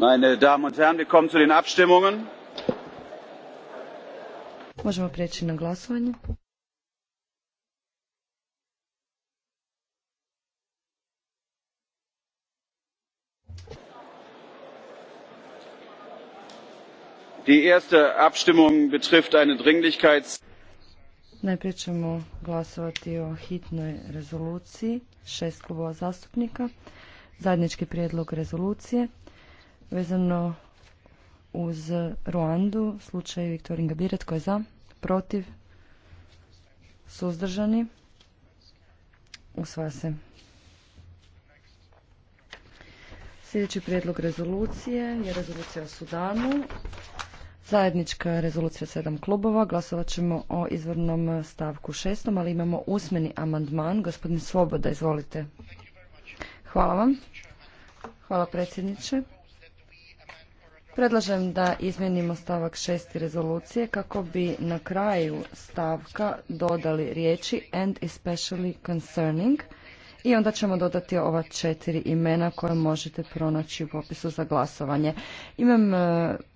Meine Damen und Herren, wir kommen zu den Abstimmungen. Možemo prijeći na glasovanje. Die erste Abstimmung betrifft eine Dringlichkeits Najprije ćemo glasovati o hitnoj rezoluciji šest klubova zastupnika. Zajednički prijedlog rezolucije vezano uz Ruandu, slučaj Viktorin Gabiret, tko je za, protiv, suzdržani, usvaja se. Sljedeći prijedlog rezolucije je rezolucija o Sudanu. Zajednička rezolucija sedam klubova. Glasovat ćemo o izvornom stavku šestom, ali imamo usmeni amandman. Gospodin Svoboda, izvolite. Hvala vam. Hvala predsjedniče. Predlažem da izmjenimo stavak 6. rezolucije kako bi na kraju stavka dodali riječi and especially concerning i onda ćemo dodati ova četiri imena koje možete pronaći u popisu za glasovanje. Imam e,